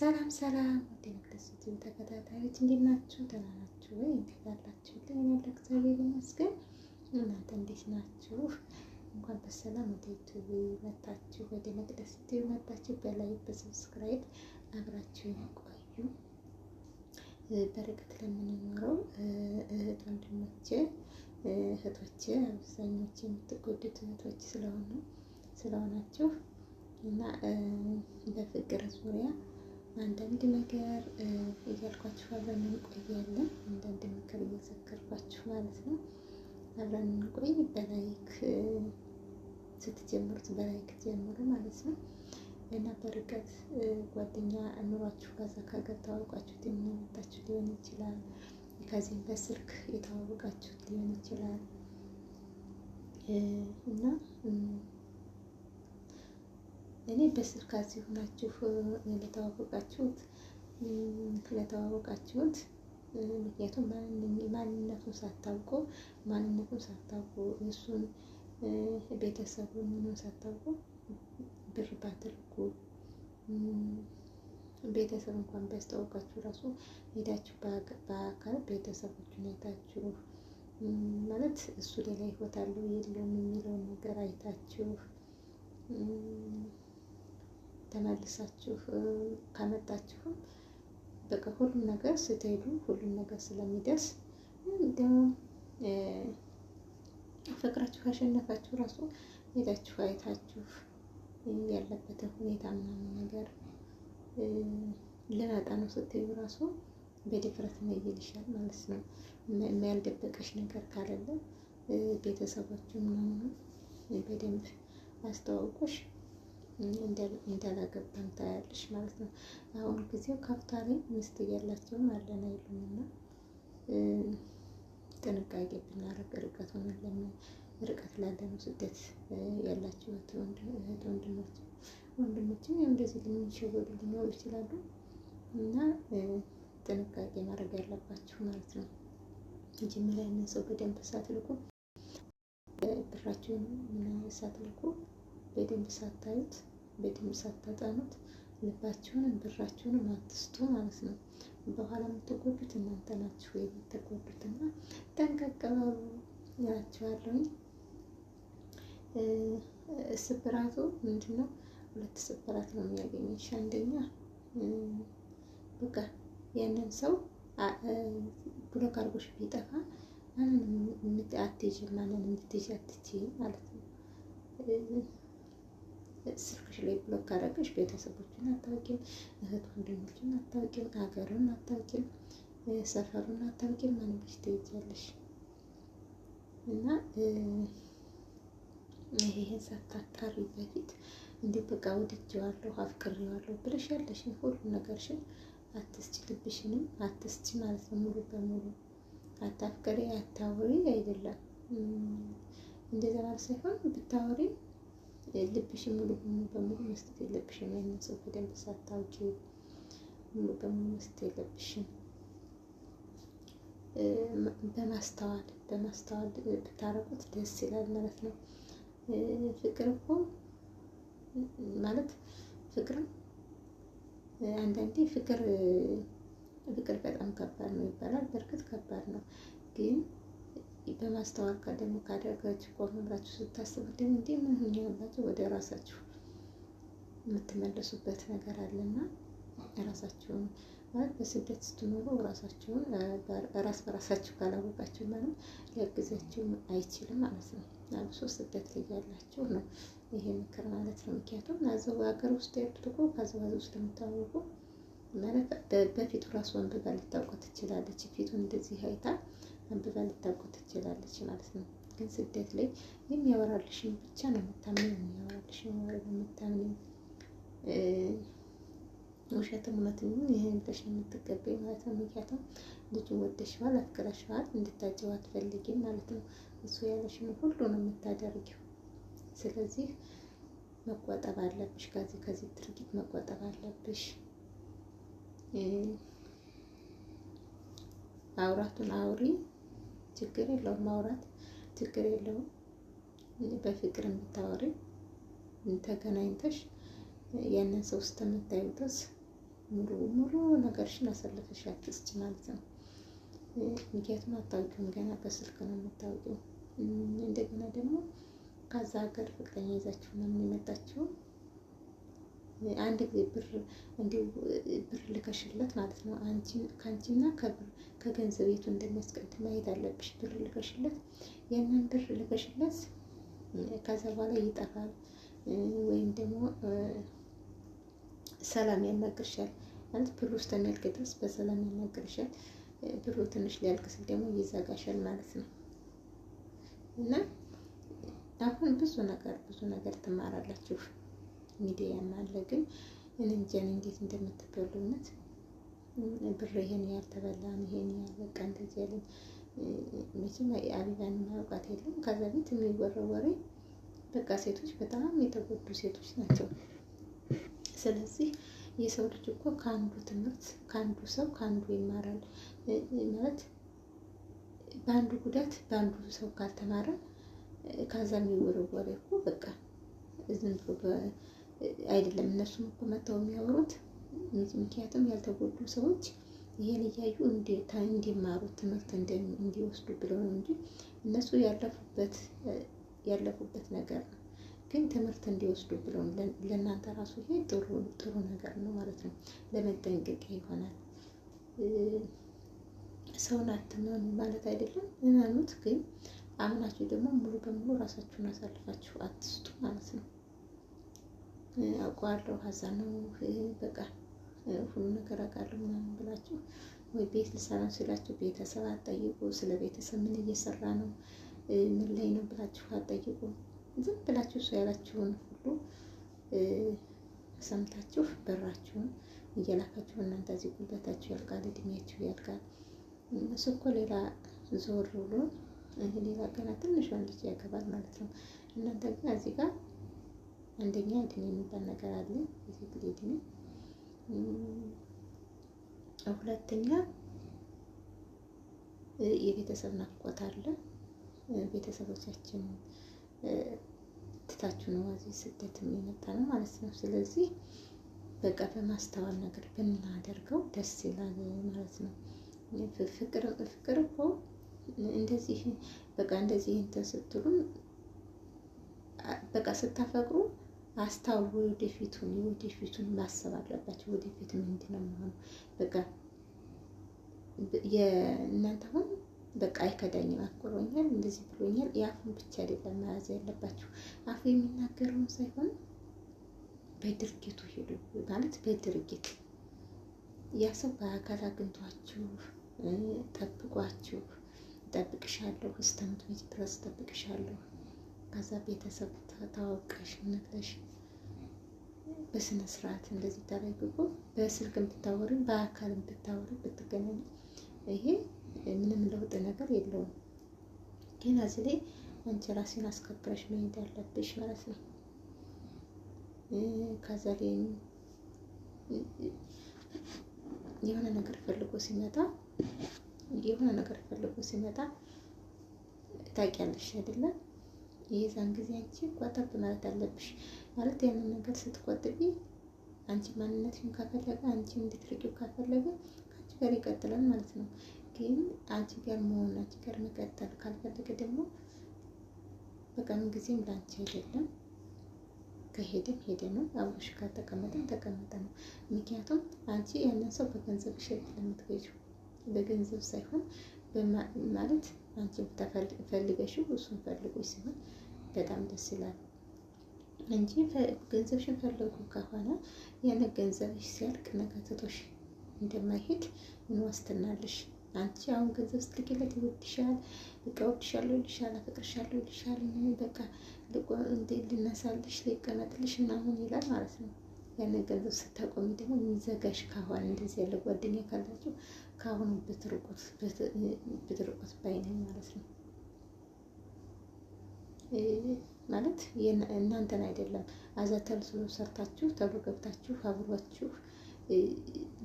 ሰላም ሰላም ወደ መቅደስቲን ተከታታዮች እንዴት ናችሁ? ደህና ናችሁ ወይ? እንዴት አላችሁልኝ? እኔ እግዚአብሔር ይመስገን። እናንተ እንዴት ናችሁ? እንኳን በሰላም ወደ ዩቱብ መጣችሁ፣ ወደ መቅደስቲን መጣችሁ። በላይ በሰብስክራይብ አብራችሁ ቆዩ። በርቀት ለምንኖረው እህት ወንድሞቼ፣ እህቶቼ አብዛኞች የምትጎዱት እህቶች ስለሆኑ ስለሆናችሁ እና በፍቅር ዙሪያ አንዳንድ ነገር እያልኳችሁ አብረን እንቆያለን። አንዳንድ ምክር እየዘከርኳችሁ ማለት ነው። አብረን እንቆይ። በላይክ ስትጀምሩት በላይክ ጀምሩ ማለት ነው እና በርቀት ጓደኛ ኑሯችሁ ከዛ ከሀገር ተዋውቃችሁት የሚመጣችሁ ሊሆን ይችላል። ከዚህም በስልክ የተዋወቃችሁት ሊሆን ይችላል እና እኔ በስልካችሁ ናችሁ ለተዋወቃችሁት ለተዋወቃችሁት ምክንያቱም ማንነቱን ሳታውቁ ማንነቱን ሳታውቁ እሱን ቤተሰቡን ምኑን ሳታውቁ ብር ባትልኩ ቤተሰብ እንኳን ቢያስተዋውቃችሁ እራሱ ሄዳችሁ በአካል ቤተሰቦቹን አይታችሁ ማለት እሱ ሌላ ህይወት አለው የለውም የሚለውን ነገር አይታችሁ ተመልሳችሁ ከመጣችሁም በቃ ሁሉም ነገር ስትሄዱ ሁሉም ነገር ስለሚደርስ ደግሞ ፍቅራችሁ ካሸነፋችሁ ራሱ ሄዳችሁ አይታችሁ ያለበትን ሁኔታ ምናምን ነገር ልመጣ ነው ስትሄዱ ራሱ በድፍረት መሄድ ይሻል ማለት ነው። የሚያልደበቀሽ ነገር ካለለ ቤተሰቦቹ ምናምን በደንብ አስተዋውቆሽ እንዳላገባን ታያለሽ ማለት ነው። አሁን ጊዜው ካፍታሪ ሚስት እያላቸውም አለን አይሉም እና ጥንቃቄ ብናረግ ርቀት ሆነ ርቀት ላለነው ስደት ያላቸው ወንድሞች ወንድሞችም ያው እንደዚህ ልንሸወዱ ሊኖሩ ይችላሉ እና ጥንቃቄ ማድረግ ያለባችሁ ማለት ነው። መጀመሪያ ያንን ሰው በደንብ ሳትልቁ ብራችሁን ሳትልቁ በደንብ ሳታዩት በድምፅ አታጣኑት። ልባችሁንም ብራችሁንም አትስጡ ማለት ነው። በኋላ የምትጎዱት እናንተ ናችሁ የምትጎዱት እና ጠንቀቅ በሉ እላችኋለሁኝ። ስብራቱ ምንድን ነው? ሁለት ስብራት ነው የሚያገኘሽ። አንደኛ በቃ ያንን ሰው ብሎክ አድርጎሽ ቢጠፋ ማንን አትይዥም፣ ማንን እንድትይዥ አትችይም ማለት ነው። ስልክሽ ላይ ብሎክ ካረገሽ ቤተሰቦችን አታውቂም፣ እህት ወንድሞችን አታውቂም፣ ሀገርን አታውቂም፣ ሰፈሩን አታውቂም። ማንብሽ ትይዛለሽ እና ይሄን ሳታጣሪ በፊት እንዲህ በቃ ወድጄዋለሁ አፍቅሬዋለሁ ብለሽ ያለሽን ሁሉ ነገርሽን አትስጭ፣ ልብሽንም አትስጭ ማለት ነው። ሙሉ በሙሉ አታፍቅሪ አታውሪ አይደለም እንደዛ ሳይሆን ብታወሪ ልብሽ ሙሉ በሙሉ መስጠት የለብሽም። ያንን ሰው በደንብ ሳታውቂ ሙሉ በሙሉ መስጠት የለብሽም። በማስተዋል በማስተዋል ብታረቁት ደስ ይላል ማለት ነው። ፍቅር እኮ ማለት ፍቅርም አንዳንዴ ፍቅር ፍቅር በጣም ከባድ ነው ይባላል። በእርግጥ ከባድ ነው ግን በማስተዋል ደግሞ ካደረጋችሁ ቆም ብላችሁ ስታስቡ ደግሞ እንዲህ ምን ሆኜ ወደ ራሳችሁ የምትመለሱበት ነገር አለና ራሳችሁን ማለት በስደት ስትኖሩ ራሳችሁን ራስ በራሳችሁ ካላወቃችሁ ምንም ሊያግዛችሁ አይችልም ማለት ነው። አብሶ ስደት ላይ ያላችሁ ነው ይሄ ምክር ማለት ነው። ምክንያቱም አዘው ሀገር ውስጥ ያሉት እኮ ከአዘዋዝ ውስጥ የምታወቁ ማለት በፊቱ ራስ ራሱ ጋር ልታውቀ ትችላለች። ፊቱ እንደዚህ አይታ አንብባ ልታውቀው ትችላለች ማለት ነው። ግን ስደት ላይ የሚያወራልሽን ብቻ ነው የምታምነው። የሚያወራልሽን ወሬ ነው የምታምነው። ውሸትም እውነትም ይህን ብለሽ ነው የምትቀበይ ማለት ነው። ምክንያቱም ልጁ ወደሽዋል፣ አፍቅረሽዋል እንድታጀው አትፈልጊም ማለት ነው። እሱ ያለሽን ሁሉ ነው የምታደርጊው። ስለዚህ መቆጠብ አለብሽ። ከዚህ ከዚህ ድርጊት መቆጠብ አለብሽ። አውራቱን አውሪ ችግር የለውም ማውራት ችግር የለውም። በፍቅር የምታወሪ ተገናኝተሽ ያንን ሰው እስከምታዩ ድረስ ሙሉ ሙሉ ነገርሽን አሳልፈሽ አትስጭ ማለት ነው። ምክንያቱም አታውቂውም፣ ገና በስልክ ነው የምታውቂው። እንደገና ደግሞ ከዛ ሀገር ፍቅረኛ ይዛችሁ ነው የመጣችሁ። አንድ ጊዜ ብር እንዲሁ ብር ልከሽለት ማለት ነው። ከአንቺና ከብር ከገንዘብ የቱ እንደሚያስቀድም ማየት አለብሽ። ብር ልከሽለት ያንን ብር ልከሽለት ከዛ በኋላ ይጠፋል ወይም ደግሞ ሰላም ያናግርሻል ማለት ብሩ የሚያልቅ ድረስ በሰላም ያናግርሻል። ብሩ ትንሽ ሊያልቅ ሲል ደግሞ ይዘጋሻል ማለት ነው እና አሁን ብዙ ነገር ብዙ ነገር ትማራላችሁ። ሚዲያ እናለ ግን እንጃን እንዴት እንደምትበሉ ብር ይሄን ያልተበላን ይሄን ያልበቃ እንደዚህ ያለኝ መቼም አቢባን ማውቃት የለም። ከዛ ቤት የሚወራው በቃ ሴቶች በጣም የተጎዱ ሴቶች ናቸው። ስለዚህ የሰው ልጅ እኮ ከአንዱ ትምህርት ከአንዱ ሰው ከአንዱ ይማራል ማለት በአንዱ ጉዳት በአንዱ ሰው ካልተማረ ከዛ የሚወረው እኮ በቃ ዝም ብሎ አይደለም እነሱም እኮ መጥተው የሚያወሩት ምክንያቱም ያልተጎዱ ሰዎች ይሄን እያዩ እንዲማሩት ትምህርት እንዲወስዱ ብለው ነው እንጂ እነሱ ያለፉበት ያለፉበት ነገር ነው። ግን ትምህርት እንዲወስዱ ብለው ለእናንተ ራሱ ይሄ ጥሩ ነገር ነው ማለት ነው። ለመጠንቀቂያ ይሆናል። ሰውን አትመኑ ማለት አይደለም፣ እመኑት፣ ግን አምናችሁ ደግሞ ሙሉ በሙሉ ራሳችሁን አሳልፋችሁ አትስጡ ማለት ነው። አውቀዋለሁ፣ ሀዛ ነው በቃ ሁሉ ነገር አውቃለሁ ምናምን ብላችሁ ወይ ቤት ልሰራ ሲላችሁ ቤተሰብ አጠይቁ። ስለ ቤተሰብ ምን እየሰራ ነው ምን ላይ ነው ብላችሁ አጠይቁ። ዝም ብላችሁ እሱ ያላችሁን ሁሉ ሰምታችሁ በራችሁን እየላካችሁ እናንተ እዚህ ጉልበታችሁ ያልቃል፣ እድሜያችሁ ያልቃል። እሱ እኮ ሌላ ዞር ብሎ ሌላ ገና ትንሿን ልጅ ያገባል ማለት ነው። እናንተ ግን እዚህ ጋር አንደኛ እድሜ የሚባል ነገር አለ። የሴት ልጅ እድሜ ሁለተኛ የቤተሰብ ናፍቆት አለ። ቤተሰቦቻችን ትታችሁ ነው እዚህ ስደት የሚመጣ ነው ማለት ነው። ስለዚህ በቃ በማስተዋል ነገር ብናደርገው ደስ ይላል ማለት ነው። ፍቅር እኮ እንደዚህ በቃ እንደዚህ እንትን ስትሉም በቃ ስታፈቅሩ አስታው ወደፊቱን ወደፊቱን ማሰብ አለባቸው። ወደፊት ምንድን ነው መሆኑ? በቃ የእናንተ አሁን በቃ አይከዳኝም፣ አፍቅሮኛል፣ እንደዚህ ብሎኛል። የአፉን ብቻ አይደለም መያዝ ያለባችሁ፣ አፉ የሚናገረውን ሳይሆን በድርጊቱ ሄዱ ማለት በድርጊት ያ ሰው በአካል አግኝቷችሁ ጠብቋችሁ፣ እጠብቅሻለሁ እስከምትመጪ ድረስ እጠብቅሻለሁ ከዛ ቤተሰብ ታወቀሽነት ለሽ በስነ ስርዓት እንደዚህ ተደርጎ በስልክ ብታወሪ በአካል ብታወሪ ብትገናኝ ይሄ ምንም ለውጥ ነገር የለውም። ግን እዚህ ላይ አንቺ ራስሽን አስከብረሽ መሄድ ያለብሽ ማለት ነው። ከዛ ላይ የሆነ ነገር ፈልጎ ሲመጣ የሆነ ነገር ፈልጎ ሲመጣ ታውቂያለሽ አይደለም የዛን ጊዜ አንቺ ቆጠብ ማለት አለብሽ። ማለት ያንን ነገር ስትቆጥቢ አንቺ ማንነትሽን ካፈለገ አንቺ እንድትርቂው ካፈለገ ከአንቺ ጋር ይቀጥላል ማለት ነው። ግን አንቺ ጋር መሆን አንቺ ጋር መቀጠል ካልፈለገ ደግሞ በቀን ጊዜም ላንቺ አይደለም። ከሄደም ሄደ ነው፣ አብሮሽ ካልተቀመጠም ተቀመጠ ነው። ምክንያቱም አንቺ ያንን ሰው በገንዘብሽ አይደለም የምትገዢው፣ በገንዘብ ሳይሆን ማለት አንቺ ፈልገሽው እሱን ፈልጎች ሲሆን በጣም ደስ ይላል እንጂ ገንዘብሽን ፈለጉ ከሆነ ያን ገንዘብሽ ሲያልቅ ነጋተቶሽ እንደማይሄድ ምን ዋስትና አለሽ? አንቺ አሁን ገንዘብ ስትልኪለት ይወድሻል፣ በቃ እወድሻለሁ ይልሻል፣ አፈቅርሻለሁ ይልሻል፣ በቃ ልነሳልሽ፣ ሊቀመጥልሽ ምናምን ይላል ማለት ነው። ያን ገንዘብ ስታቆሚ ደግሞ የሚዘጋሽ ከሆነ እንደዚህ ያለ ጓደኛ ካላችሁ ከአሁኑ ብትርቁት ባይነኝ ማለት ነው። ማለት እናንተን አይደለም አዛ ተልሶ ሰርታችሁ ተብሎ ገብታችሁ አብሯችሁ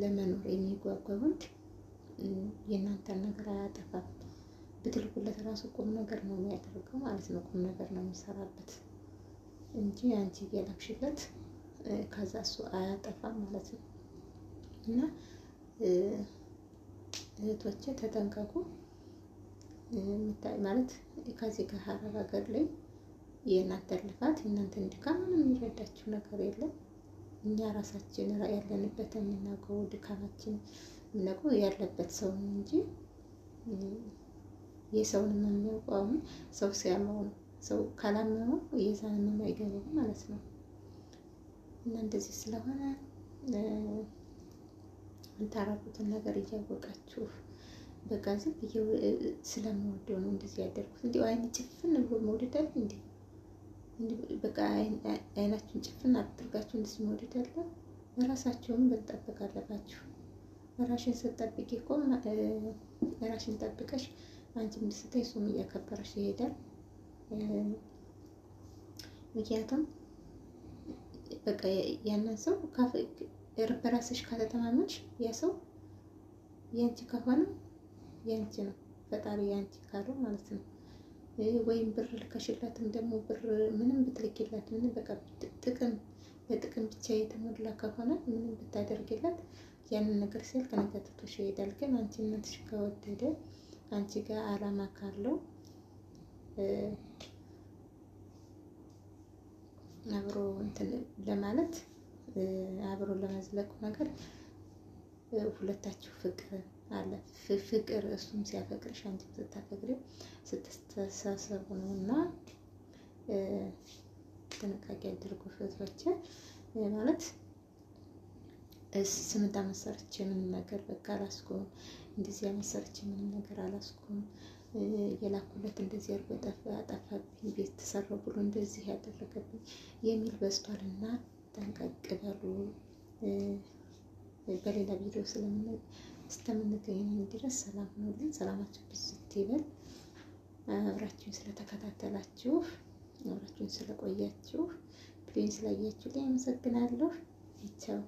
ለመኖር የሚጓጓ ወንድ የእናንተን ነገር አያጠፋም። ብትልኩለት ራሱ ቁም ነገር ነው የሚያደርገው ማለት ነው። ቁም ነገር ነው የሚሰራበት እንጂ አንቺ እየላክሽለት ከዛ እሱ አያጠፋም ማለት ነው እና እህቶቼ ተጠንቀቁ። ማለት ከዚህ ጋር ከሀረር ሀገር ላይ የእናንተን ልፋት እናንተን ድካም ምንም የሚረዳችሁ ነገር የለም። እኛ ራሳችን ያለንበት የምናውቀው ድካማችን የምናውቀው ያለበት ሰው ነው እንጂ የሰውን የሚያውቀው ሰው ሲያመው ነው። ሰው ካላመመው የዛን ምን አይገባም ማለት ነው እና እንደዚህ ስለሆነ የምታረጉትን ነገር እያወቃችሁ በቃ ዝም ስለምወደው ነው እንደዚህ ያደርጉት። እንዲ አይን ጭፍን ብሎ መውደድ እንዲ በቃ አይናችሁን ጭፍን አድርጋችሁ እንደዚህ መውደዳለ። አለ። ራሳችሁን መጠበቅ አለባችሁ። ራሽን ስጠብቅ እኮ ራሽን ጠብቀሽ አንቺ ምስታይ ሱም እያከበረሽ ይሄዳል። ምክንያቱም በቃ ያንን ሰው በራስሽ ከተተማመንሽ ያ ሰው ያንቺ ከሆነ ያንቺ ነው፣ ፈጣሪ ያንቺ ካለው ማለት ነው። ወይም ብር ልከሽላትም ደግሞ ብር ምንም ብትልኪላት ምንም በቃ ጥቅም በጥቅም ብቻ የተሞላ ከሆነ ምንም ብታደርግላት ያንን ነገር ሲል ከነገጥቶሽ ይሄዳል። ግን አንቺ እናትሽ ከወደደ አንቺ ጋር አላማ ካለው አብሮ እንትን ለማለት አብሮ ለመዝለቁ ነገር ሁለታችሁ ፍቅር አለ ፍቅር እሱም ሲያፈቅርሽ አንቺ ስታፈቅሪ ስትተሳሰቡ ነው። እና ጥንቃቄ አድርጉ እህቶቼ። ማለት ስምንት ዓመት ሰርቼ ምንም ነገር በቃ አላስኩም፣ እንደዚህ ዓመት ሰርቼ ምንም ነገር አላስኩም፣ የላኩለት እንደዚህ አድርጎ ጠፋ፣ ጠፋብኝ፣ ቤት ተሰራው ብሎ እንደዚህ ያደረገብኝ የሚል በዝቷል እና ጠንቀቅ በሉ። በሌላ ቪዲዮ እስከምንገኝ ድረስ ሰላም ሁኑልን። ሰላማችሁ ብዝት ይበል። አብራችሁን ስለተከታተላችሁ አብራችሁን ስለቆያችሁ ፕሊዝ ስላያችሁ ላይ አመሰግናለሁ። ቻው